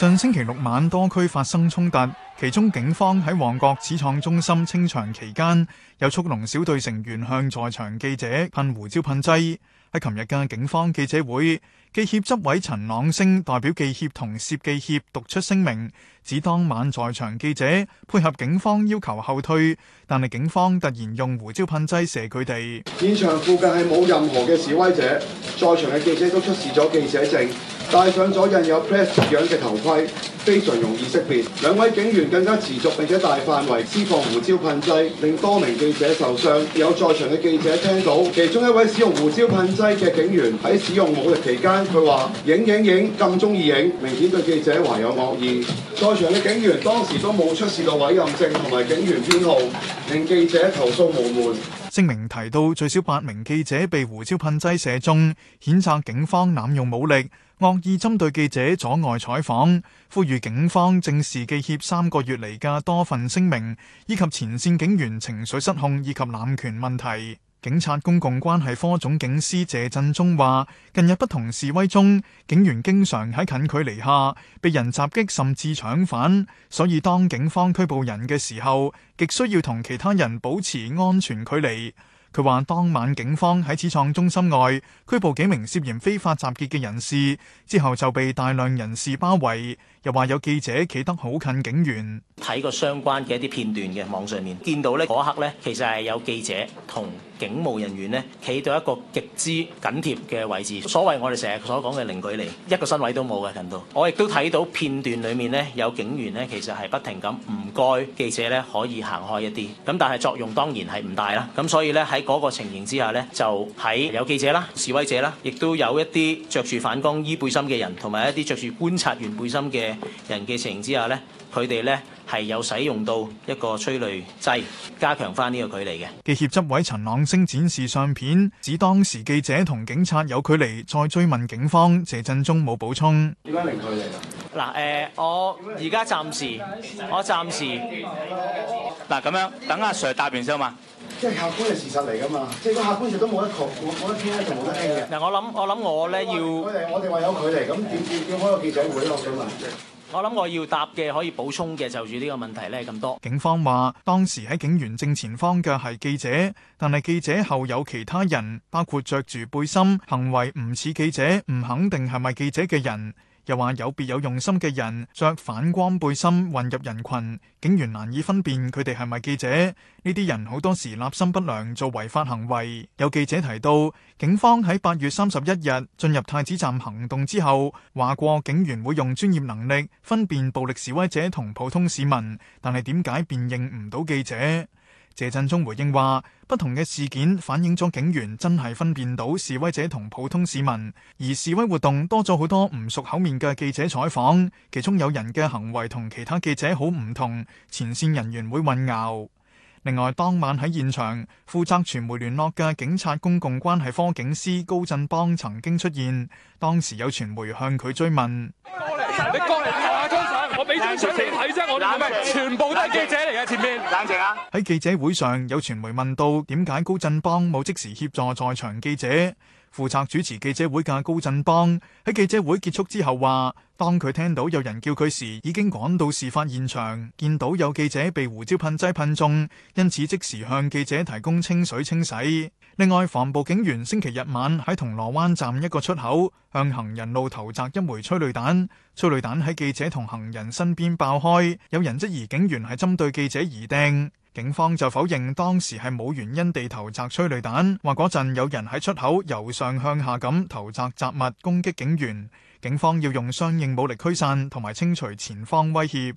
上星期六晚多區發生衝突，其中警方喺旺角始創中心清場期間，有速龍小隊成員向在場記者噴胡椒噴劑。喺琴日嘅警方記者會，記協執委陳朗升代表記協同攝記協讀出聲明，指當晚在場記者配合警方要求後退，但係警方突然用胡椒噴劑射佢哋。現場附近係冇任何嘅示威者，在場嘅記者都出示咗記者證。戴上咗印有 press 字樣嘅頭盔，非常容易識別。兩位警員更加持續並且大範圍施放胡椒噴劑，令多名記者受傷。有在場嘅記者聽到，其中一位使用胡椒噴劑嘅警員喺使用武力期間，佢話：影影影，咁中意影，明顯對記者懷有惡意。在場嘅警員當時都冇出示過委任證同埋警員編號，令記者投訴無門。聲明提到最少八名記者被胡椒噴劑射中，譴責警方濫用武力、惡意針對記者、阻礙採訪，呼籲警方正視記協三個月嚟嘅多份聲明，以及前線警員情緒失控以及濫權問題。警察公共關係科總警司謝振中話，近日不同示威中，警員經常喺近距離下被人襲擊，甚至搶犯，所以當警方拘捕人嘅時候，極需要同其他人保持安全距離。佢話當晚警方喺始創中心外拘捕幾名涉嫌非法集結嘅人士，之後就被大量人士包圍。又話有記者企得好近警員，睇過相關嘅一啲片段嘅網上面，見到呢嗰刻呢，其實係有記者同警務人員呢企到一個極之緊貼嘅位置，所謂我哋成日所講嘅零距離，一個身位都冇嘅，近到我亦都睇到片段裡面呢，有警員呢其實係不停咁唔。該記者咧可以行開一啲，咁但係作用當然係唔大啦。咁所以咧喺嗰個情形之下咧，就喺有記者啦、示威者啦，亦都有一啲着住反光衣背心嘅人，同埋一啲着住觀察員背心嘅人嘅情形之下咧，佢哋咧係有使用到一個催淚劑，加強翻呢個距離嘅。記協執委陳朗昇展示相片，指當時記者同警察有距離，再追問警方，謝振中冇補充。點解零距離啊？嗱誒、呃，我而家暫時，我暫時嗱咁樣，等阿 Sir 答完先啊嘛。即係客觀嘅事實嚟噶嘛，即係個客觀事都冇得講，冇得編，亦都冇得聽嘅。嗱，我諗我諗我咧要，我哋我話有距離，咁叫叫叫開個記者會落咗嘛。我諗我要答嘅可以補充嘅就住呢個問題咧咁多。警方話，當時喺警員正前方嘅係記者，但係記者後有其他人，包括着住背心、行為唔似記者、唔肯定係咪記者嘅人。又話有別有用心嘅人着反光背心混入人群，警員難以分辨佢哋係咪記者。呢啲人好多時立心不良，做違法行為。有記者提到，警方喺八月三十一日進入太子站行動之後，話過警員會用專業能力分辨暴力示威者同普通市民，但係點解辨認唔到記者？謝振中回應話：不同嘅事件反映咗警員真係分辨到示威者同普通市民，而示威活動多咗好多唔熟口面嘅記者採訪，其中有人嘅行為同其他記者好唔同，前綫人員會混淆。另外當晚喺現場負責傳媒聯絡嘅警察公共關係科警司高振邦曾經出現，當時有傳媒向佢追問：過嚟，你過嚟睇下張相。我俾張相你睇啫，我哋咪全部都係記者嚟嘅前面。冷靜啊！喺記者會上，有傳媒問到點解高振邦冇即時協助在場記者。負責主持記者會嘅高振邦喺記者會結束之後話：當佢聽到有人叫佢時，已經趕到事發現場，見到有記者被胡椒噴劑噴中，因此即時向記者提供清水清洗。另外，防暴警員星期日晚喺銅鑼灣站一個出口向行人路投擲一枚催淚彈，催淚彈喺記者同行人身邊爆開，有人質疑警員係針對記者而定，警方就否認當時係冇原因地投擲催淚彈，話嗰陣有人喺出口由上向下咁投擲雜物攻擊警員，警方要用相應武力驅散同埋清除前方威脅。